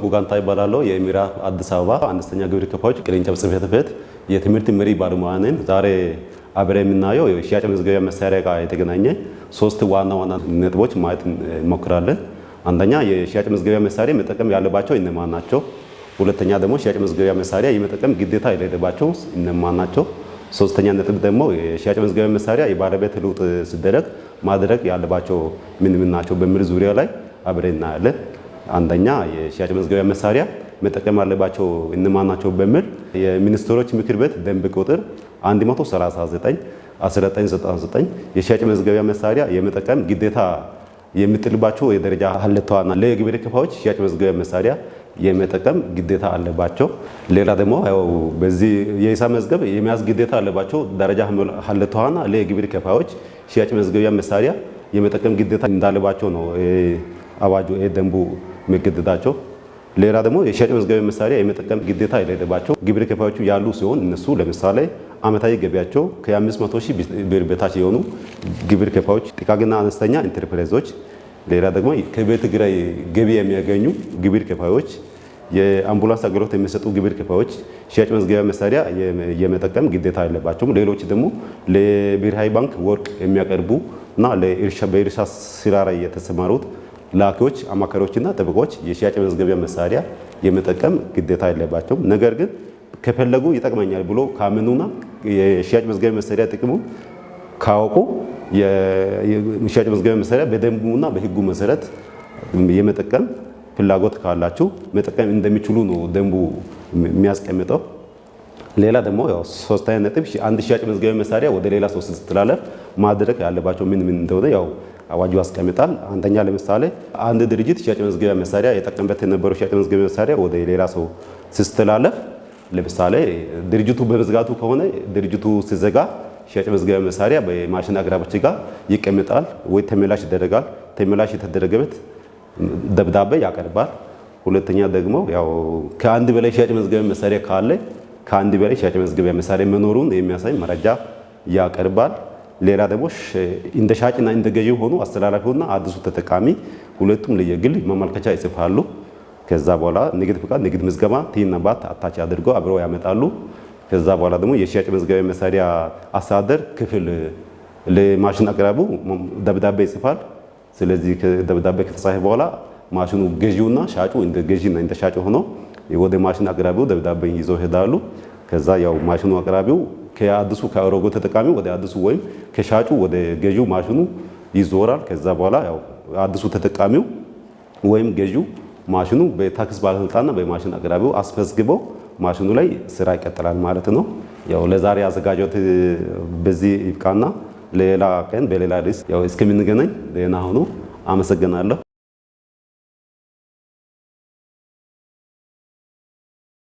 ወርቁ ጋንታ ይባላለሁ። የኤሚራ አዲስ አበባ አነስተኛ ግብር ከፋዮች ቅርንጫፍ ጽሕፈት ቤት የትምህርት መሪ ባለሙያ ዛሬ አብረ የምናየው የሽያጭ መዝገቢያ መሳሪያ ጋር የተገናኘ ሶስት ዋና ዋና ነጥቦች ማየት እንሞክራለን። አንደኛ የሽያጭ መዝገቢያ መሳሪያ መጠቀም ያለባቸው እነማን ናቸው? ሁለተኛ ደግሞ ሽያጭ መዝገቢያ መሳሪያ የመጠቀም ግዴታ የሌለባቸው እነማን ናቸው? ሶስተኛ ነጥብ ደግሞ የሽያጭ መዝገቢያ መሳሪያ የባለቤት ልውጥ ሲደረግ ማድረግ ያለባቸው ምን ምን ናቸው በሚል ዙሪያ ላይ አብረን እናያለን። አንደኛ የሽያጭ መዝገቢያ መሳሪያ መጠቀም አለባቸው እነማን ናቸው በሚል የሚኒስትሮች ምክር ቤት ደንብ ቁጥር 139 1999 የሽያጭ መዝገቢያ መሳሪያ የመጠቀም ግዴታ የሚጥልባቸው የደረጃ ሀለቷና ለግብር ከፋዮች ሽያጭ መዝገቢያ መሳሪያ የመጠቀም ግዴታ አለባቸው። ሌላ ደግሞ ያው በዚህ የሂሳብ መዝገብ የመያዝ ግዴታ አለባቸው። ደረጃ ሀለቷና ለግብር ከፋዮች ሽያጭ መዝገቢያ መሳሪያ የመጠቀም ግዴታ እንዳለባቸው ነው አዋጁ ደንቡ መገደዳቸው ሌላ ደግሞ የሽያጭ መዝገበ መሳሪያ የመጠቀም ግዴታ የሌለባቸው ግብር ከፋዮቹ ያሉ ሲሆን እነሱ ለምሳሌ አመታዊ ገቢያቸው ከ500 ብር በታች የሆኑ ግብር ከፋዮች፣ ጥቃቅንና አነስተኛ ኢንተርፕራይዞች፣ ሌላ ደግሞ ከቤት ኪራይ ገቢ የሚያገኙ ግብር ከፋዮች፣ የአምቡላንስ አገልግሎት የሚሰጡ ግብር ከፋዮች ሽያጭ መዝገበ መሳሪያ የመጠቀም ግዴታ የለባቸውም። ሌሎች ደግሞ ለብሔራዊ ባንክ ወርቅ የሚያቀርቡ እና በእርሻ ስራ ላይ የተሰማሩት ላኪዎች፣ አማካሪዎችና ጥብቆች የሽያጭ መዝገቢያ መሳሪያ የመጠቀም ግዴታ የለባቸውም። ነገር ግን ከፈለጉ ይጠቅመኛል ብሎ ካመኑና የሽያጭ መዝገቢያ መሳሪያ ጥቅሙ ካወቁ የሽያጭ መዝገቢያ መሳሪያ በደንቡና በሕጉ መሰረት የመጠቀም ፍላጎት ካላችሁ መጠቀም እንደሚችሉ ነው ደንቡ የሚያስቀምጠው። ሌላ ደግሞ ሶስተኛ ነጥብ አንድ ሽያጭ መዝገቢያ መሳሪያ ወደ ሌላ ሰው ስትላለፍ ማድረግ ያለባቸው ምን ምን እንደሆነ ያው አዋጁ አስቀምጣል። አንደኛ ለምሳሌ አንድ ድርጅት ሻጭ መዝገቢያ መሳሪያ የጠቀምበት የነበረው ሽያጭ መዝገቢያ መሳሪያ ወደ ሌላ ሰው ሲስተላለፍ፣ ለምሳሌ ድርጅቱ በመዝጋቱ ከሆነ ድርጅቱ ሲዘጋ ሻጭ መዝገቢያ መሳሪያ በማሽን አቅራቦች ጋር ይቀምጣል ወይ ተመላሽ ይደረጋል። ተመላሽ የተደረገበት ደብዳቤ ያቀርባል። ሁለተኛ ደግሞ ያው ከአንድ በላይ ሻጭ መዝገቢያ መሳሪያ ካለ ከአንድ በላይ ሻጭ መዝገቢያ መሳሪያ መኖሩን የሚያሳይ መረጃ ያቀርባል። ሌላ ደግሞ እንደ ሻጭና እንደ ገዢ ሆኑ አስተላላፊውና አዲሱ ተጠቃሚ ሁለቱም ለየግል ማመልከቻ ይጽፋሉ። ከዛ በኋላ ንግድ ፍቃድ፣ ንግድ ምዝገባ ቲና ባት አታች አድርገው አብረው ያመጣሉ። ከዛ በኋላ ደግሞ የሽያጭ ምዝገባ መሳሪያ አስተዳደር ክፍል ለማሽን አቅራቢው ደብዳቤ ይጽፋል። ስለዚህ ደብዳቤ ከተጻፈ በኋላ ማሽኑ ገዢውና ሻጩ እንደ ገዢና እንደ ሻጩ ሆኖ ወደ ማሽን አቅራቢው ደብዳቤ ይዘው ይሄዳሉ። ከዛ ያው ማሽኑ አቅራቢው ከአዲሱ ከሮጎ ተጠቃሚ ወደ አዲሱ ወይም ከሻጩ ወደ ገዢው ማሽኑ ይዞራል። ከዛ በኋላ ያው አዲሱ ተጠቃሚው ወይም ገዢው ማሽኑ በታክስ ባለስልጣንና በማሽን አቅራቢው አስመዝግበው ማሽኑ ላይ ስራ ይቀጥላል ማለት ነው። ያው ለዛሬ አዘጋጆት በዚህ ይብቃና ሌላ ቀን በሌላ ርዕስ ያው እስከምንገናኝ ደህና ሁኑ። አመሰግናለሁ።